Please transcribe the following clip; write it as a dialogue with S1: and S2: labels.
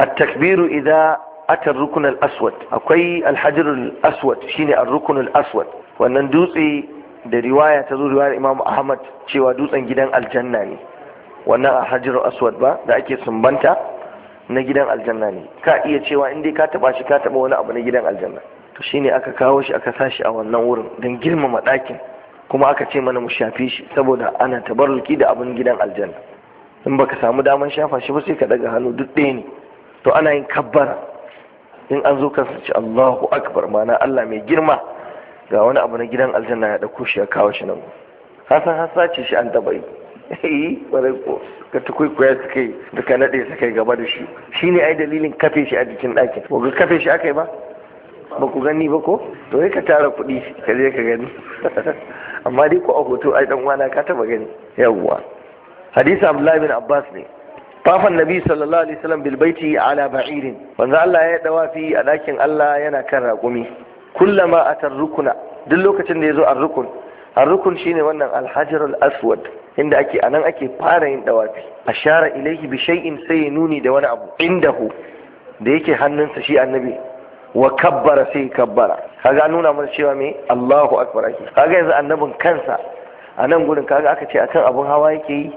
S1: التكبير إذا أتى الركن الأسود أقوي الحجر الأسود شيني الركن الأسود wannan dutse da riwaya ta zo riwayar imam ahmad cewa dutsen gidan aljanna ne wannan a aswad ba da ake sumbanta na gidan aljanna ne ka iya cewa in dai ka taba shi ka taba wani abu na gidan aljanna to shine aka kawo shi aka sashi a wannan wurin don girmama ɗakin kuma aka ce mana mu shafe shi saboda ana tabarruki da abin gidan aljanna in baka samu daman shafa shi ba sai ka daga hannu duk ɗaya ne to ana yin kabbara in an zo kansa ce Allahu akbar mana Allah mai girma ga wani abu na gidan aljanna ya dauko shi ya kawo shi nan hasan hasa ce shi an taba yi bare ko ka tukuikuya suka yi da ka nade suka yi gaba da shi shine ai dalilin kafe shi a jikin ɗakin ko ga kafe shi aka yi ba ba ku gani ba ko to sai ka tara kuɗi ka je ka gani amma dai ko a hoto ai dan wana ka taba gani yawwa hadisi Abdullahi bin Abbas ne tafan nabi sallallahu alaihi wasallam bil baiti ala ba'irin wanda Allah ya dawafi a dakin Allah yana kan raƙumi kullama atar rukuna duk lokacin da yazo ar-rukun ar-rukun shine wannan al-hajar al-aswad inda ake anan ake fara yin dawafi ashara ilayhi bi shay'in sai nuni da wani abu indahu da yake hannunsa shi annabi wa kabbara sai kabbara kaga nuna mana cewa me Allahu akbar kaga yanzu annabin kansa anan gurin kaga aka ce akan abun hawa yake yi